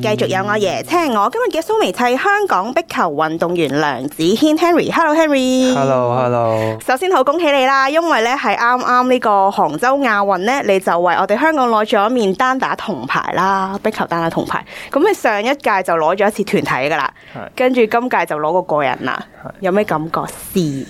繼、嗯、續有我椰青，我今日嘅 Sportso-mate 係，香港壁球運動員梁子軒 Henry，Hello Henry，Hello Hello Henry。Hello, hello. 首先好恭喜你啦，因為咧係啱啱呢個杭州亞運咧，你就為我哋香港攞咗一面單打銅牌啦，壁球單打銅牌。咁你上一屆就攞咗一次團體噶啦，跟住的今屆就攞個個人啦。有咩感覺先？誒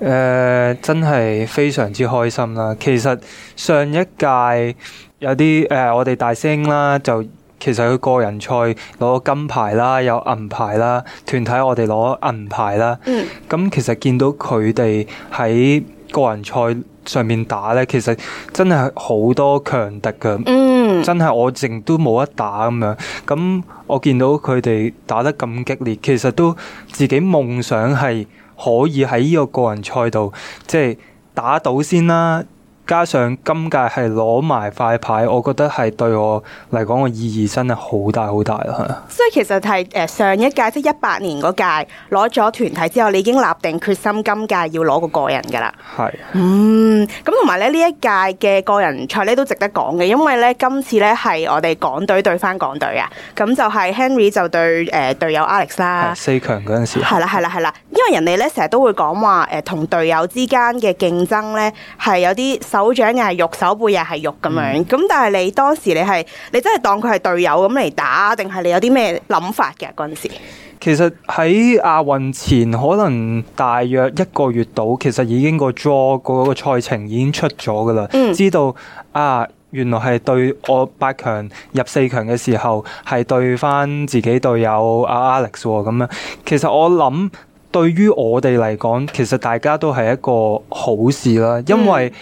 的、呃，真係非常之開心啦。其實上一屆有啲誒、呃，我哋大聲啦就。其實佢個人賽攞金牌啦，有銀牌啦，團體我哋攞銀牌啦。咁、嗯、其實見到佢哋喺個人賽上面打咧，其實真係好多強敵㗎，嗯、真係我淨都冇得打咁樣。咁、嗯、我見到佢哋打得咁激烈，其實都自己夢想係可以喺呢個個人賽度即係打到先啦。加上今屆係攞埋塊牌，我覺得係對我嚟講個意義真係好大好大咯。所以其實係誒上一屆即係一八年嗰屆攞咗團體之後，你已經立定決心今屆要攞個個人㗎啦。係是。嗯，咁同埋咧呢一屆嘅個人賽咧都值得講嘅，因為咧今次咧係我哋港隊對翻港隊啊。咁就係 Henry 就對誒、呃、隊友 Alex 啦。四強嗰陣時。係啦係啦係啦，係啦，因為人哋咧成日都會講話誒同隊友之間嘅競爭咧係有啲。手掌又係肉，手背又係肉咁樣。咁、嗯、但係你當時你係你真係當佢係隊友咁嚟打，定係你有啲咩諗法嘅嗰陣時？其實喺亞運前可能大約一個月度，其實已經個 draw 嗰個賽程已經出咗噶啦。嗯、知道啊，原來係對我八強入四強嘅時候係對翻自己隊友 Alex 咁、哦、樣。其實我諗對於我哋嚟講，其實大家都係一個好事啦，因為、嗯。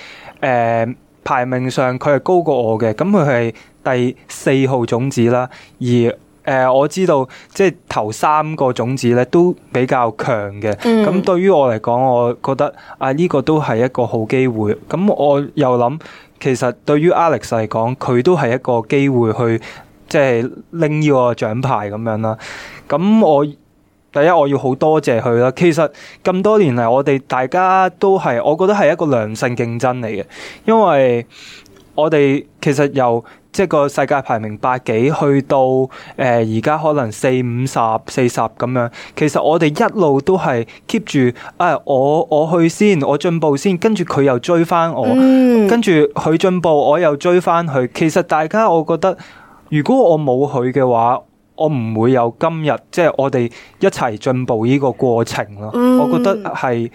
誒排名上佢係高過我嘅，咁佢係第四號種子啦。而誒我知道，即係頭三個種子咧都比較強嘅。咁、嗯、對於我嚟講，我覺得啊呢、呢個都係一個好機會。咁我又諗，其實對於 Alex 嚟講，佢都係一個機會去即係拎呢個獎牌咁樣啦。咁我。第一，我要好多謝佢啦。其實咁多年嚟，我哋大家都係，我覺得係一個良性競爭嚟嘅。因為我哋其實由即係個世界排名百幾去到誒而家可能四五十四十咁樣，其實我哋一路都係 keep 住誒我我去先，我進步先，跟住佢又追翻我，嗯、跟住佢進步我又追翻佢。其實大家我覺得，如果我冇佢嘅話。我唔會有今日，即係我哋一齊進步呢個過程咯。嗯，我覺得係，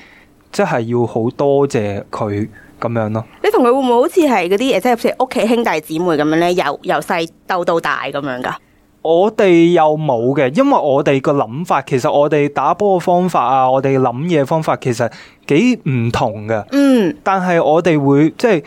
即係要好多謝佢咁樣咯。你同佢會唔會好似係嗰啲，即係好似屋企兄弟姊妹咁樣咧？由由細鬥到大咁樣噶？我哋又冇嘅，因為我哋個諗法，其實我哋打波嘅方法啊，我哋諗嘢方法其實幾唔同嘅。嗯，但係我哋會即係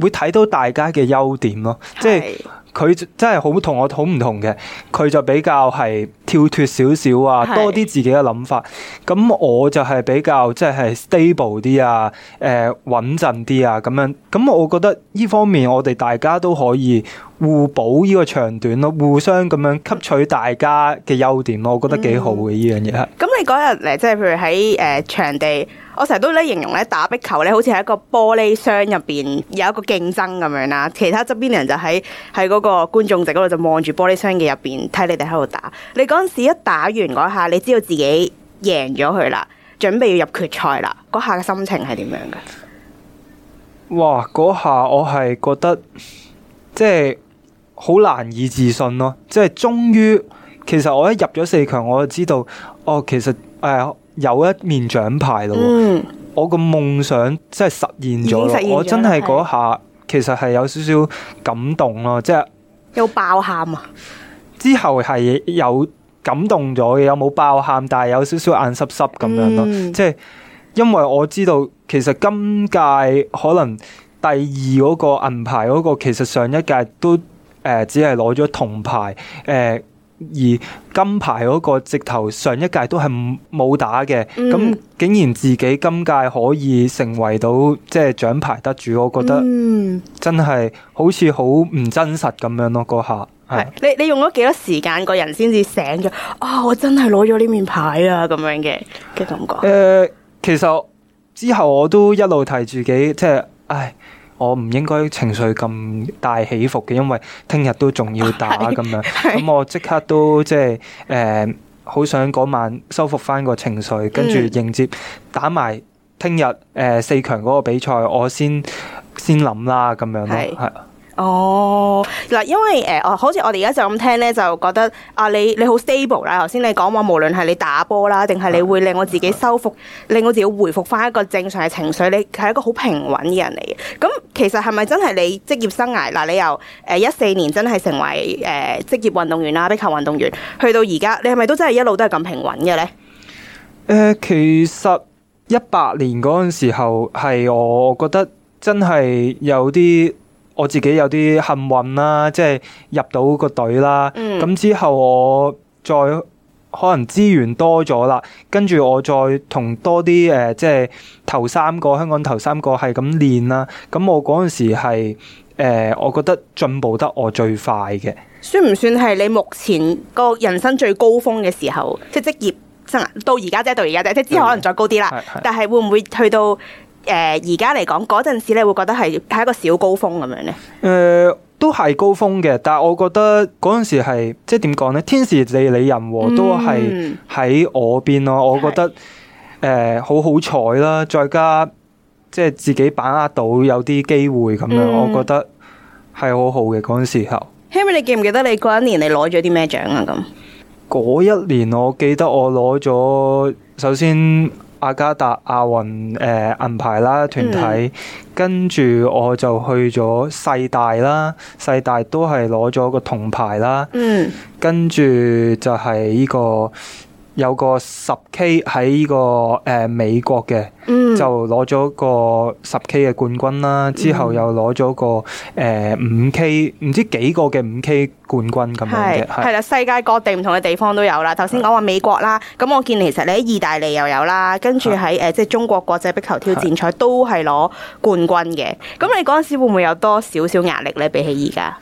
會睇到大家嘅優點咯，即係。佢真係好同我好唔同嘅，佢就比較係，跳脱少少啊，多啲自己嘅諗法。咁是我就係比較即係、係、stable 啲啊，誒穩陣啲啊咁樣。咁我覺得呢方面我哋大家都可以互補呢個長短咯，互相咁樣吸取大家嘅優點咯，嗯、我覺得幾好嘅呢、嗯、樣嘢係。咁你嗰日咧，即、就、係、係、譬如喺誒場地，我成日都咧形容咧打壁球咧，好似喺一個玻璃箱入邊有一個競爭咁樣啦。其他側邊人就喺喺嗰個觀眾席嗰度就望住玻璃箱嘅入邊睇你哋喺度打。你當時一打完嗰下，你知道自己贏咗佢啦，準備要入決賽啦。嗰下嘅心情係點樣嘅？哇！嗰下我係覺得即係好難以置信咯，即係終於，其實我一入咗四強，我就知道哦，其實誒、哎、有一面獎牌咯。嗯、我個夢想即係實現咗咯。實我真係嗰下其實係有少少感動咯，即係有爆喊啊！之後係有。感動咗嘅，有冇爆喊？但係有少少眼濕濕咁樣咯，嗯、即係因為我知道其實今屆可能第二嗰個銀牌嗰個，其實上一屆都誒、呃、只係攞咗銅牌，誒、呃、而金牌嗰個直頭上一屆都係冇打嘅，咁、嗯、竟然自己今屆可以成為到即係獎牌得主，我覺得真係好似好唔真實咁樣咯，嗰下。係你你用咗幾多時間個人先至醒咗？啊、哦，我真係攞咗呢面牌啦，咁樣嘅嘅感覺。誒、呃，其實之後我都一路提自己，即係，唉，我唔應該情緒咁大起伏嘅，因為聽日都仲要打咁 是 樣。咁我即刻都即係，誒、呃，好想嗰晚收復翻個情緒，跟住迎接、嗯、打埋聽日誒四強嗰個比賽，我先先諗啦，咁樣咯，係。是 哦，嗱，因為誒，呃、好我好似我哋而家就咁聽咧，就覺得啊，你你好 stable 啦。頭先你講話，無論係你打波啦，定係你會令我自己修復，嗯、令我自己恢復翻一個正常嘅情緒，你係一個好平穩嘅人嚟嘅。咁、嗯、其實係咪真係你職業生涯嗱、呃？你由誒一四年真係成為誒職、呃、業運動員啦，壁球運動員，去到而家，你係咪都真係一路都係咁平穩嘅咧？誒、呃，其實一八年嗰陣時候，係我覺得真係有啲。我自己有啲幸運啦，即係入到個隊啦。咁、嗯、之後我再可能資源多咗啦，跟住我再同多啲誒、呃，即係頭三個香港頭三個係咁練啦。咁我嗰陣時係、呃、我覺得進步得我最快嘅。算唔算係你目前個人生最高峰嘅時候？即係職業生涯到而家，即係到而家，即係可能再高啲啦。但係會唔會去到？誒，而家嚟講嗰陣時，你會覺得係係一個小高峰咁樣呢？誒、呃，都係高峰嘅，但係我覺得嗰陣時係即係點講咧？天時地利人和、嗯、都係喺我邊咯。嗯、我覺得誒，呃、好好彩啦，再加即係自己把握到有啲機會咁樣，嗯、我覺得係好好嘅嗰陣時候。Henry，你記唔記得你嗰一年你攞咗啲咩獎啊？咁嗰一年，我記得我攞咗首先。阿加達亞運誒銀牌啦團體，跟住、mm. 我就去咗世大啦，世大都係攞咗個銅牌啦，跟住、mm. 就係呢、這個。有個十 K 喺呢個誒、呃、美國嘅，嗯、就攞咗個十 K 嘅冠軍啦，嗯、之後又攞咗個誒五、呃、K，唔知幾個嘅五 K 冠軍咁樣嘅。係啦，世界各地唔同嘅地方都有啦。頭先講話美國啦，咁是的 我見其實你喺意大利又有啦，跟住喺誒即係中國國際壁球挑戰賽都係攞冠軍嘅。咁是的 你嗰陣時會唔會有多少少壓力咧？比起而家？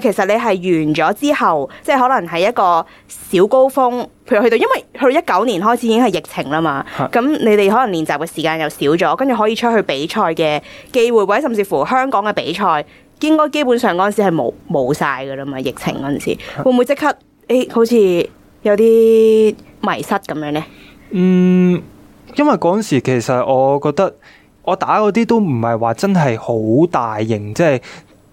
其實你係完咗之後，即係可能係一個小高峰，譬如去到，因為去到一九年開始已經係疫情啦嘛。咁是的 你哋可能練習嘅時間又少咗，跟住可以出去比賽嘅機會位，或者甚至乎香港嘅比賽，應該基本上嗰陣時係冇冇曬㗎啦嘛。疫情嗰陣時，會唔會即刻誒、哎，好似有啲迷失咁樣呢？嗯，因為嗰陣時其實我覺得我打嗰啲都唔係話真係好大型，即係。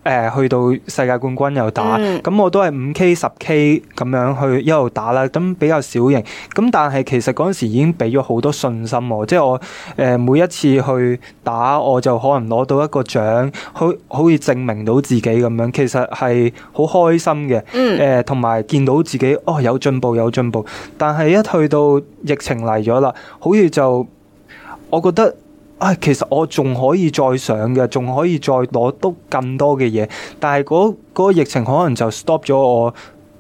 誒去到世界冠軍又打，咁、嗯、我都係五 K 十 K 咁樣去一路打啦，咁比較小型，咁但係其實嗰陣時已經俾咗好多信心我，即係我誒每一次去打我就可能攞到一個獎，好好似證明到自己咁樣，其實係好開心嘅。誒同埋見到自己哦有進步，有進步，但係一去到疫情嚟咗啦，好似就我覺得。啊、哎，其實我仲可以再上嘅，仲可以再攞到更多嘅嘢，但係嗰嗰個疫情可能就 stop 咗我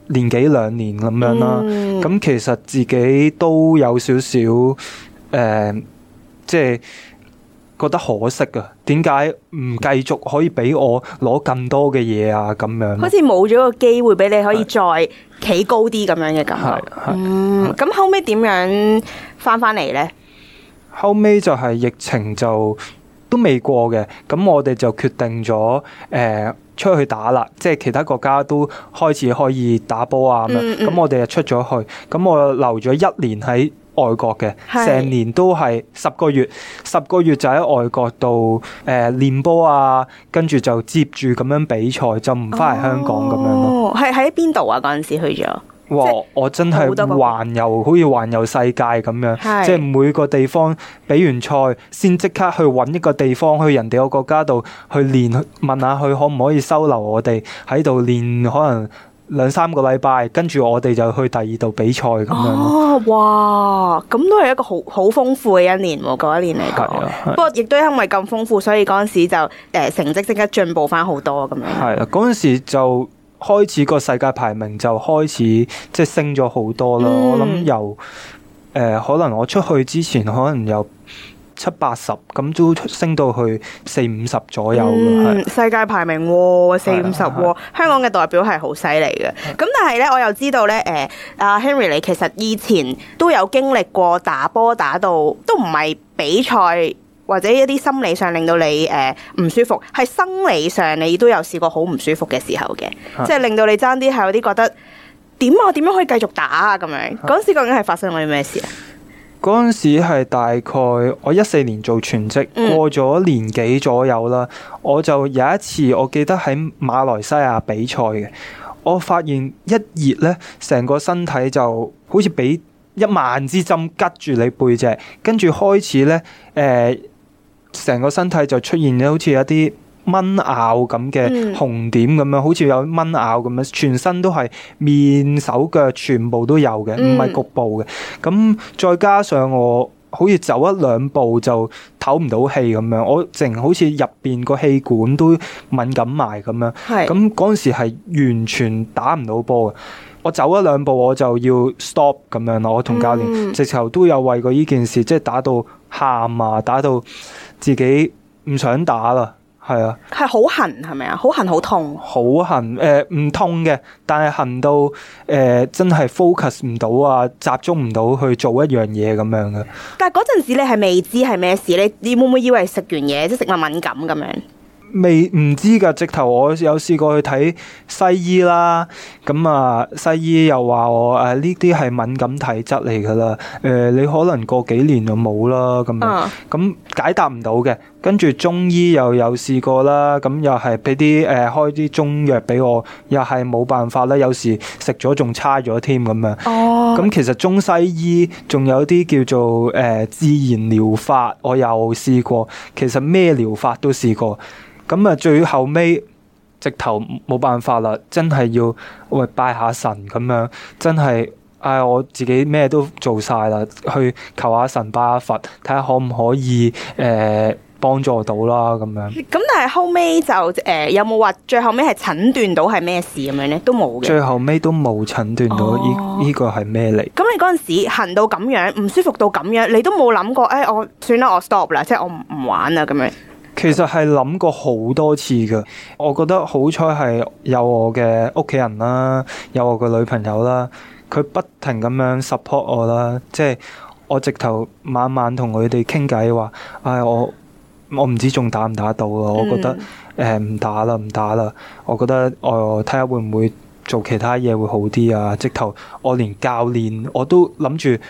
年幾兩年咁樣啦。咁、嗯、其實自己都有少少誒，即係覺得可惜噶。點解唔繼續可以俾我攞更多嘅嘢啊？咁樣好似冇咗個機會俾你可以再企高啲咁樣嘅感覺。嗯，咁後尾點樣翻翻嚟咧？後尾就係疫情就都未過嘅，咁我哋就決定咗誒、呃、出去打啦，即係其他國家都開始可以打波啊咁樣，咁、嗯嗯、我哋就出咗去，咁我留咗一年喺外國嘅，成是年都係十個月，十個月就喺外國度誒、呃、練波啊，跟住就接住咁樣比賽，就唔返嚟香港咁樣咯。係喺邊度啊？嗰陣時去咗？即我真係環遊，好似環遊世界咁樣，是即係每個地方比完賽，先即刻去搵一個地方去人哋個國家度去練，問下佢可唔可以收留我哋喺度練，練可能兩三個禮拜，跟住我哋就去第二度比賽咁樣、哦。哇！咁都係一個好好豐富嘅一年喎，嗰一年嚟講。啊、不過亦都因為咁豐富，所以嗰陣時就誒成績即刻進步翻好多咁樣。係啦，嗰陣時就。呃開始個世界排名就開始即係升咗好多啦，嗯、我諗由誒、呃、可能我出去之前可能由七八十咁都升到去四五十左右、嗯。世界排名、哦、四五十、哦，香港嘅代表係好犀利嘅。咁但係咧，我又知道咧，誒、呃，阿 Henry 你其實以前都有經歷過打波打到都唔係比賽。或者一啲心理上令到你誒唔、呃、舒服，係生理上你都有試過好唔舒服嘅時候嘅，啊、即係令到你爭啲係有啲覺得點啊點樣可以繼續打啊咁樣嗰陣、啊、時究竟係發生咗啲咩事啊？嗰陣時係大概我一四年做全職過咗年幾左右啦，嗯、我就有一次我記得喺馬來西亞比賽嘅，我發現一熱咧，成個身體就好似俾一萬支針拮住你背脊，跟住開始咧誒。呃成個身體就出現咗好似一啲蚊咬咁嘅紅點咁樣，嗯、好似有蚊咬咁樣，全身都係面、手、腳全部都有嘅，唔係、嗯、局部嘅。咁再加上我好似走一兩步就唞唔到氣咁樣，我淨好似入面個氣管都敏感埋咁樣。係咁嗰陣時係完全打唔到波嘅，我走一兩步我就要 stop 咁樣。我同教練直頭都有為過呢件事，即係打到喊啊，打到～自己唔想打啦，係啊，係好痕係咪啊？好痕好痛，好痕誒，呃、唔痛嘅，但係痕到誒、呃、真係 focus 唔到啊，集中唔到去做一樣嘢咁樣嘅。但係嗰陣時你係未知係咩事，你你會唔會以為食完嘢即係食物敏感咁樣？未唔知㗎，直頭我有試過去睇西醫啦，咁啊西醫又話我誒呢啲係敏感體質嚟㗎啦，誒、呃、你可能過幾年就冇啦，咁咁、uh. 解答唔到嘅。跟住中醫又有試過啦，咁又係俾啲，誒開啲中藥俾我，又係冇辦法啦。有時食咗仲差咗添咁樣。哦。咁其實中西醫仲有啲叫做誒、呃、自然療法，我又試過。其實咩療法都試過。咁啊，最後尾直頭冇辦法啦，真係要喂拜下神咁樣。真係唉、哎，我自己咩都做晒啦，去求下神拜下佛，睇下可唔可以誒？呃幫助到啦咁樣。咁但係後尾，就、呃、誒有冇話最後尾係診斷到係咩事咁樣咧？都冇嘅。最後尾都冇診斷到呢呢個係咩嚟？咁你嗰陣時行到咁樣，唔舒服到咁樣，你都冇諗過誒？我算啦，我 stop 啦，即係我唔玩啦咁樣。其實係諗過好多次嘅。我覺得好彩係有我嘅屋企人啦，有我嘅女朋友啦，佢不停咁樣 support 我啦。即、就、係、是、我直頭晚晚同佢哋傾偈話：「唉，我。我唔知仲打唔打到咯，我覺得誒唔、呃、打啦唔打啦，我覺得我睇下會唔會做其他嘢，會好啲啊！直頭我連教練我都諗住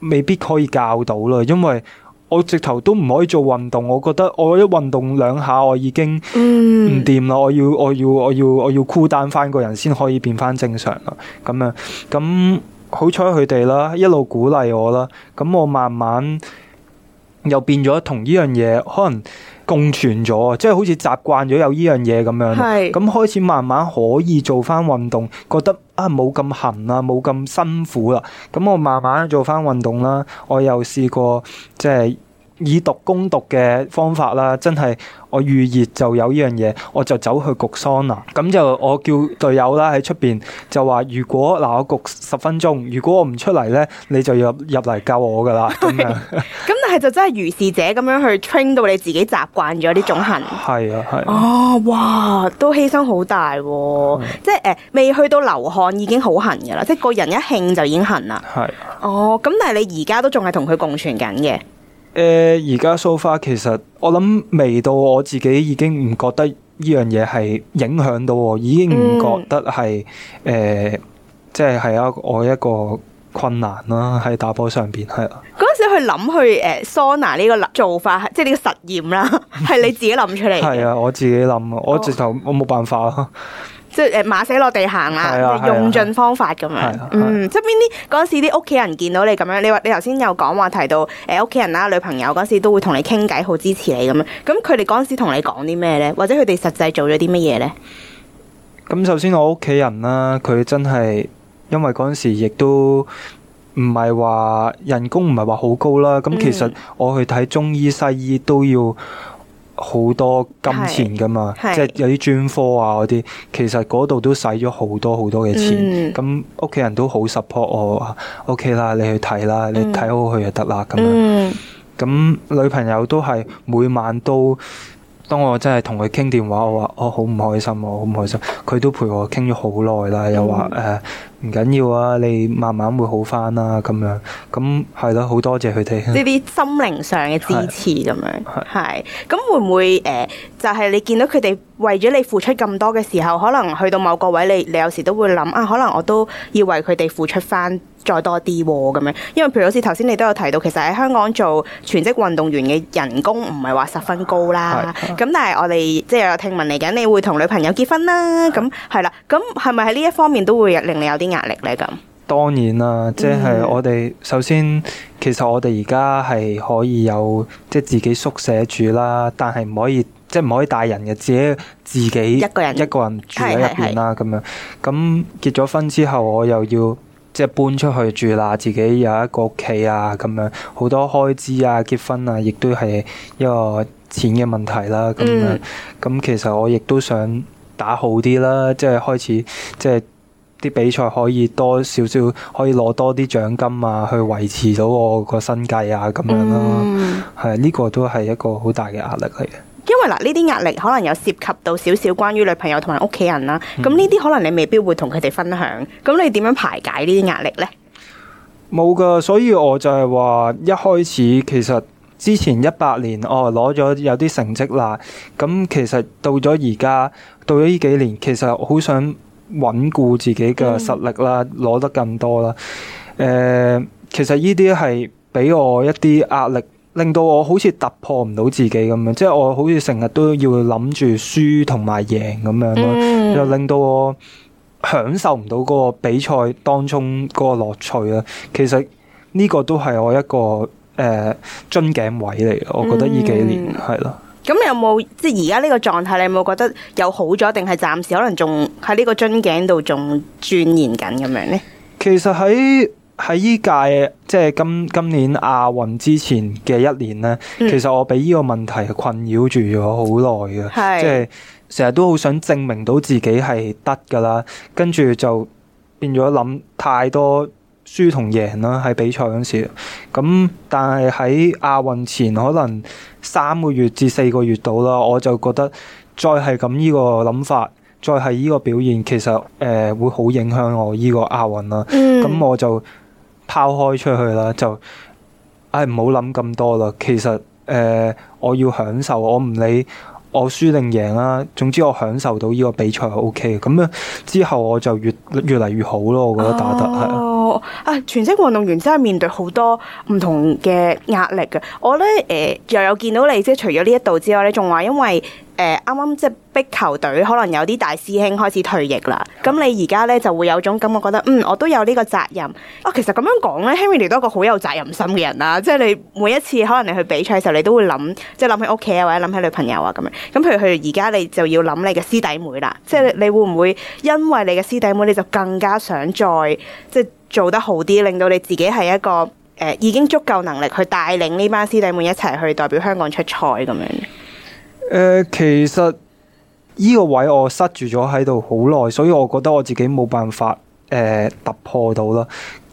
未必可以教到啦，因為我直頭都唔可以做運動，我覺得我一運動兩下我已經唔掂啦，我要我要我要我要 cool down 翻個人先可以變翻正常啦。咁樣，咁好彩佢哋啦，一路鼓勵我啦，咁我慢慢。又變咗同呢樣嘢可能共存咗，即係好似習慣咗有呢樣嘢咁樣。咁是開始慢慢可以做翻運動，覺得啊冇咁痕啦，冇咁辛苦啦。咁我慢慢做翻運動啦，我又試過即係。以毒攻毒嘅方法啦，真係我預熱就有呢樣嘢，我就走去焗桑拿，咁就我叫隊友啦，喺出邊就話，如果嗱，我焗十分鐘，如果我唔出嚟咧，你就要入入嚟救我噶啦咁樣。咁但係就真係如是者咁樣去 train 到你自己習慣咗呢種痕。係啊係。哦哇，都犧牲好大，即係誒未去到流汗已經好痕噶啦，即係個人一興就已經痕啦。係。哦，咁但係你而家都仲係同佢共存緊嘅。笑 behav 是 erin 誒，而家梳花其實我諗未到我自己已經唔覺得呢樣嘢係影響到，我，已經唔覺得係誒、嗯呃，即係係一我一個困難啦，喺打波上邊係。嗰陣時去諗去誒，桑拿呢個做法，即係呢個實驗啦，係你自己諗出嚟？係啊，我自己諗啊，哦、我直頭我冇辦法啊。 即係馬死落地行啦，啊、用盡方法咁樣。啊、嗯，側邊啲嗰陣時啲屋企人見到你咁樣，你,你話你頭先有講話提到誒，屋企人啦，女朋友嗰陣時都會同你傾偈，好支持你咁樣。咁佢哋嗰陣時同你講啲咩呢？或者佢哋實際做咗啲乜嘢呢？咁、嗯、首先我屋企人啦，佢真係因為嗰陣時亦都唔係話人工唔係話好高啦。咁其實我去睇中醫西醫都要。好多金錢㗎嘛，即係有啲專科啊、嗰啲，其實嗰度都使咗好多好多嘅錢。咁屋企人都好 support 我啊，OK 啦，你去睇啦，你睇好佢就得啦咁樣。咁、嗯、女朋友都係每晚都。當我真係同佢傾電話，我話我好唔開心，我好唔開心，佢都陪我傾咗好耐啦，又話誒唔緊要啊，你慢慢會好翻啦，咁樣，咁係咯，好多謝佢哋呢啲心靈上嘅支持咁是樣，係是，咁會唔會誒、呃，就係、是、你見到佢哋為咗你付出咁多嘅時候，可能去到某個位，你你有時都會諗啊，可能我都要為佢哋付出翻。再多啲喎咁樣，因為譬如好似頭先你都有提到，其實喺香港做全職運動員嘅人工唔係話十分高啦。咁但係我哋即係有聽聞嚟緊，你會同女朋友結婚啦。咁係啦，咁係咪喺呢一方面都會令你有啲壓力呢？咁當然啦，即係我哋首先，其實我哋而家係可以有即係自己宿舍住啦，但係唔可以即係唔可以帶人嘅，自己自己一個人一個人住喺入邊啦。咁樣咁結咗婚之後，我又要，即係搬出去住啦，自己有一個屋企啊，咁樣好多開支啊，結婚啊，亦都係一個錢嘅問題啦。咁樣咁、嗯、其實我亦都想打好啲啦，即係開始即係啲比賽可以多少少可以攞多啲獎金啊，去維持到我個生計啊，咁樣咯。係呢、嗯、這個都係一個好大嘅壓力嚟嘅。因為嗱，呢啲壓力可能有涉及到少少關於女朋友同埋屋企人啦。咁呢啲可能你未必會同佢哋分享。咁你點樣排解呢啲壓力呢？冇噶，所以我就係話一開始，其實之前一八年，哦，攞咗有啲成績啦。咁其實到咗而家，到咗呢幾年，其實好想穩固自己嘅實力啦，攞、嗯、得更多啦。誒、呃，其實呢啲係俾我一啲壓力。令到我好似突破唔到自己咁樣，即係我好似成日都要諗住輸同埋贏咁樣咯，又令到我享受唔到嗰個比賽當中嗰個樂趣啦。其實呢個都係我一個誒、呃、樽頸位嚟嘅。我覺得呢幾年係咯。咁你有冇即係而家呢個狀態，你有冇覺得有好咗，定係暫時可能仲喺呢個樽頸度仲鑽研緊咁樣呢？其實喺。喺依屆即係今今年亞運之前嘅一年咧，嗯、其實我俾呢個問題困擾住咗好耐嘅，是啊、即係成日都好想證明到自己係得噶啦，跟住就變咗諗太多輸同贏啦喺比賽嗰時，咁但係喺亞運前可能三個月至四個月到啦，我就覺得再係咁呢個諗法，再係呢個表現，其實誒、呃、會好影響我呢個亞運啦，咁、嗯、我就。拋開出去啦，就唉，唔好諗咁多啦。其實誒、呃，我要享受，我唔理我輸定贏啦。總之我享受到呢個比賽係 O K 嘅。咁樣之後我就越越嚟越好咯。我覺得打得係哦，係啊，全職運動員真係面對好多唔同嘅壓力嘅。我咧誒、呃，又有見到你即係除咗呢一度之外咧，你仲話因為誒啱啱即係。球隊可能有啲大師兄開始退役啦，咁、嗯、你而家咧就會有種感覺，我覺得嗯，我都有呢個責任。啊、哦，其實咁樣講咧，Henry 都一個好有責任心嘅人啦、啊，嗯、即係你每一次可能你去比賽嘅時候，你都會諗，即係諗起屋企啊，或者諗起女朋友啊咁樣。咁譬如佢而家你就要諗你嘅師弟妹啦，嗯、即係你會唔會因為你嘅師弟妹，你就更加想再即係做得好啲，令到你自己係一個誒、呃、已經足夠能力去帶領呢班師弟妹一齊去代表香港出賽咁樣？誒、呃，其實。依個位我塞住咗喺度好耐，所以我覺得我自己冇辦法誒、呃、突破到啦。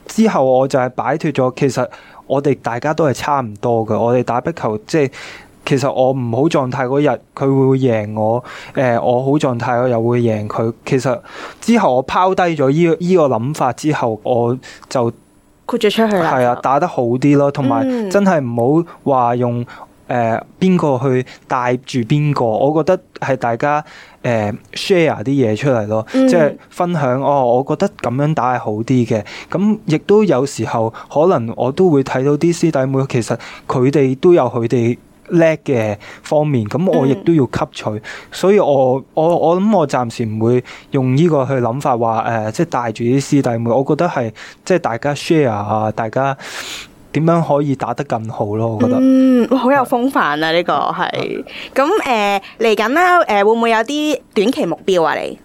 之後我就係擺脫咗。其實我哋大家都係差唔多㗎。我哋打壁球即係其實我唔好狀態嗰日，佢會贏我；誒、呃、我好狀態，我又會贏佢。其實之後我拋低咗依依個諗、這個、法之後，我就豁咗出去。係啊，打得好啲咯，同埋、嗯、真係唔好話用。誒，邊個、呃、去帶住邊個？我覺得係大家誒 share 啲嘢出嚟咯，嗯、即係分享。哦，我覺得咁樣打係好啲嘅。咁亦都有時候可能我都會睇到啲師弟妹，其實佢哋都有佢哋叻嘅方面。咁我亦都要吸取。嗯、所以我我我諗我暫時唔會用呢個去諗法話誒、呃，即係帶住啲師弟妹。我覺得係即係大家 share 啊，大家。點樣可以打得更好咯？我覺得嗯，好有風範啊！呢個係咁誒，嚟緊啦，誒、呃呃，會唔會有啲短期目標啊？你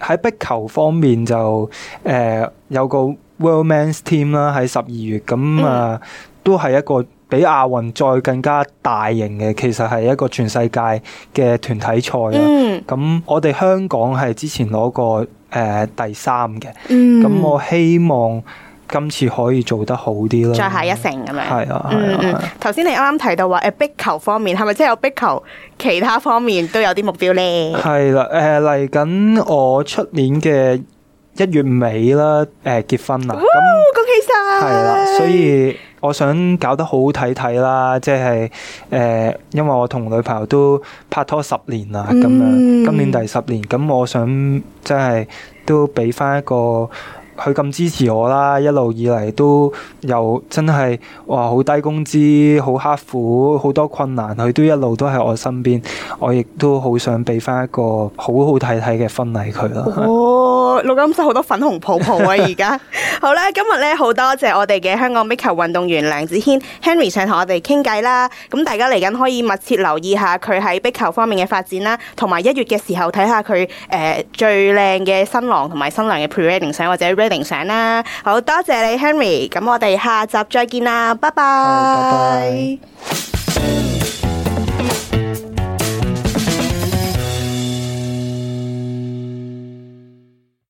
喺 壁球方面就誒、呃、有個 world men's team 啦，喺十二月咁啊，呃嗯、都係一個比亞運再更加大型嘅，其實係一個全世界嘅團體賽啦。咁、嗯、我哋香港係之前攞過誒、呃、第三嘅，咁我希望。今次可以做得好啲咯，再下一城咁樣。係啊，係啊。頭先、嗯嗯、你啱啱提到話誒壁球方面，係咪即係有壁球？其他方面都有啲目標呢？係啦、啊，誒嚟緊我出年嘅一月尾啦，誒、呃、結婚啦。恭喜晒！係啦，所以我想搞得好好睇睇啦，即係誒，因為我同女朋友都拍拖十年啦，咁樣、嗯、今年第十年，咁我想即係都俾翻一個。佢咁支持我啦，一路以嚟都又真係哇好低工資好刻苦，好多困難佢都一路都喺我身邊，我亦都好想俾翻一個好好睇睇嘅婚禮佢咯。哦，錄音室好多粉紅泡泡啊！而家 好啦，今日咧好多謝我哋嘅香港壁球運動員梁子軒 Henry，想同我哋傾偈啦。咁大家嚟緊可以密切留意下佢喺壁球方面嘅發展啦，同埋一月嘅時候睇下佢誒、呃、最靚嘅新郎同埋新娘嘅 pre wedding 相或者定醒啦，好多謝你 Henry，咁我哋下集再見啦，拜拜。